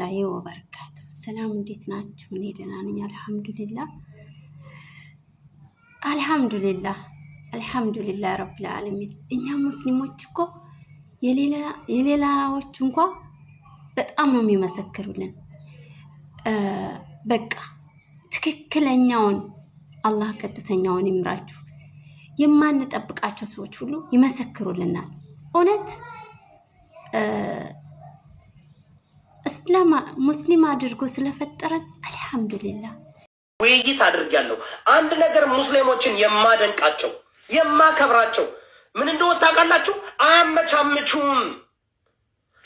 ላይ ወበረካቱ ሰላም፣ እንዴት ናችሁ? እኔ ደህና ነኝ፣ አልሐምዱሊላ አልሐምዱሊላ አልሐምዱሊላ ረብል ዓለሚን። እኛ ሙስሊሞች እኮ የሌላዎች እንኳ በጣም ነው የሚመሰክሩልን። በቃ ትክክለኛውን አላህ ቀጥተኛውን ይምራችሁ። የማንጠብቃቸው ሰዎች ሁሉ ይመሰክሩልናል እውነት ሙስሊም አድርጎ ስለፈጠረን አልሐምዱሊላ ውይይት አድርጊያለሁ። አንድ ነገር ሙስሊሞችን የማደንቃቸው የማከብራቸው ምን እንደሆነ ታውቃላችሁ? አያመቻምቹም።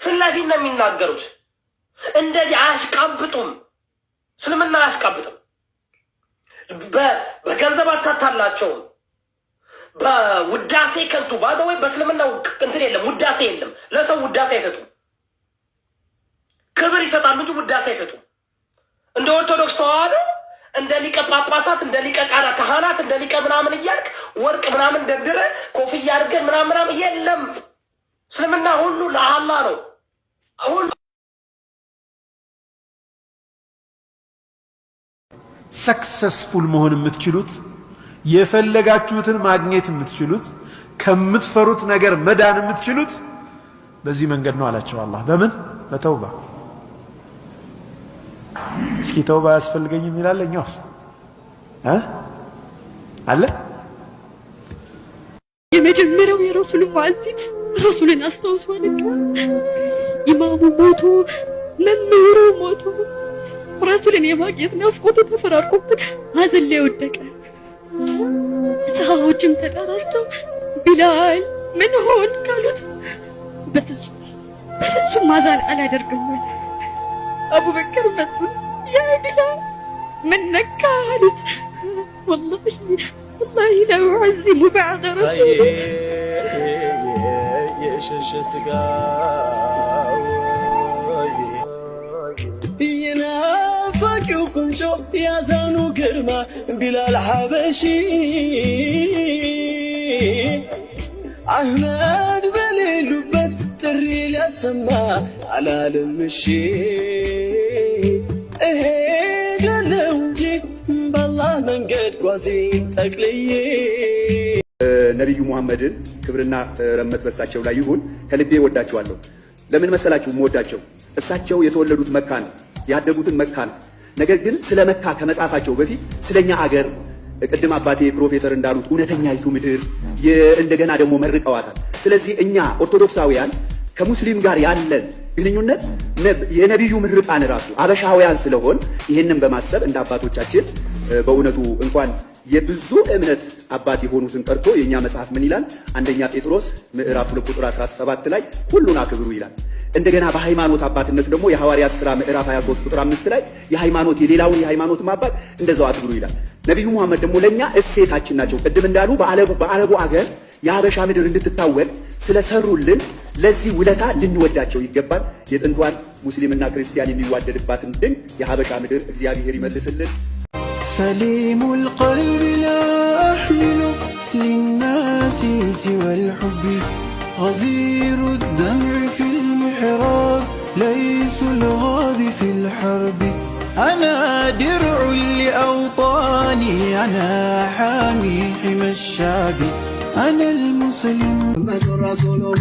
ፊት ለፊት ነው የሚናገሩት። እንደዚህ አያሽቃብጡም። እስልምና አያሽቃብጥም። በገንዘብ አታታላቸውም። በውዳሴ ከንቱ ባዶ ወይ በእስልምና እንትን የለም፣ ውዳሴ የለም። ለሰው ውዳሴ አይሰጡም። ክብር ይሰጣሉ እንጂ ውዳሴ አይሰጡም። እንደ ኦርቶዶክስ ተዋህዶ እንደ ሊቀ ጳጳሳት እንደ ሊቀ ቃና ካህናት እንደ ሊቀ ምናምን እያልክ ወርቅ ምናምን ደድረ ኮፍያ አድርገን ምናምን ምናምን የለም። እስልምና ሁሉ ለአላ ነው። ሁሉ ሰክሰስፉል መሆን የምትችሉት የፈለጋችሁትን ማግኘት የምትችሉት ከምትፈሩት ነገር መዳን የምትችሉት በዚህ መንገድ ነው አላቸው አላህ። በምን በተውባ እስኪ ተውባ አያስፈልገኝም እኛ ውስጥ አለ የመጀመሪያው የረሱል ማዚት ረሱልን አስታውሷል። ኢማሙ ሞቶ መምህሩ ሞቶ ረሱልን የማግኘት ናፍቆቱ ተፈራርቆበት ሀዘን ላይ ወደቀ። ሰሃቦችም ተጠራርተው ቢላል ምን ሆን ካሉት በፍጹም በፍጹም ማዛን አላደርግም أبو بكر بس يا بلال منك كانت والله والله لو عزي بعد رسوله وكن شوف يا زانو كرما بلا الحبشي أحمد ተሰማ አላልም እሺ እሄዳለሁ እንጂ ባላህ መንገድ ጓዜ ጠቅልዬ ነቢዩ ሙሐመድን ክብርና ረመት በሳቸው ላይ ይሁን። ከልቤ ወዳቸዋለሁ። ለምን መሰላችሁ የምወዳቸው? እሳቸው የተወለዱት መካ ነው፣ ያደጉትን መካ ነው። ነገር ግን ስለ መካ ከመጻፋቸው በፊት ስለኛ አገር ቅድም አባቴ ፕሮፌሰር እንዳሉት እውነተኛይቱ ምድር እንደገና ደግሞ መርቀዋታል። ስለዚህ እኛ ኦርቶዶክሳውያን ከሙስሊም ጋር ያለን ግንኙነት የነቢዩ ምርቃን ራሱ አበሻውያን ስለሆን ይህንን በማሰብ እንደ አባቶቻችን በእውነቱ እንኳን የብዙ እምነት አባት የሆኑትን ቀርቶ የእኛ መጽሐፍ ምን ይላል? አንደኛ ጴጥሮስ ምዕራፍ ሁለት ቁጥር 17 ላይ ሁሉን አክብሩ ይላል። እንደገና በሃይማኖት አባትነት ደግሞ የሐዋርያት ሥራ ምዕራፍ 23 ቁጥር 5 ላይ የሃይማኖት የሌላውን የሃይማኖት አባት እንደዛው አክብሩ ይላል። ነቢዩ መሐመድ ደግሞ ለእኛ እሴታችን ናቸው። ቅድም እንዳሉ በአረቡ አገር የሀበሻ ምድር እንድትታወቅ ስለሰሩልን ለዚህ ውለታ ልንወዳቸው ይገባል። የጥንቷን ሙስሊምና ክርስቲያን የሚዋደድባትን ድንቅ የሀበሻ ምድር እግዚአብሔር ይመልስልን። ሰሊሙ ልቀልቢ ላ አሕሚሉ ሊናሲ ሲወ ልሑቢ غزير الدمع في المحراب ليس الغاب في الحرب أنا درع لأوطاني أنا حامي حمى الشعب أنا المسلم محمد رسوله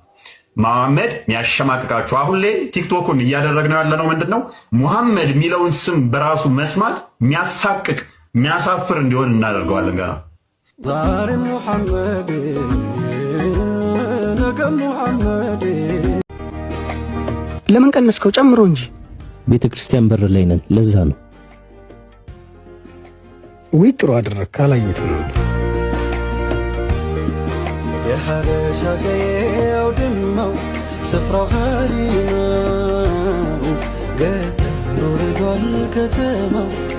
መሐመድ የሚያሸማቅቃችሁ አሁን ላይ ቲክቶኩን እያደረግነው ያለነው ምንድን ነው? ሙሐመድ የሚለውን ስም በራሱ መስማት የሚያሳቅቅ የሚያሳፍር እንዲሆን እናደርገዋለን። ገና ሙሐመድ ሙሐመድ። ለምን ቀነስከው? ጨምሮ እንጂ ቤተ ክርስቲያን በር ላይ ነን። ለዛ ነው ወይ ጥሩ አደረግ ካላየት ነው የሀበሻ ቀዬ سفرة غريبة جات رورد والكتابة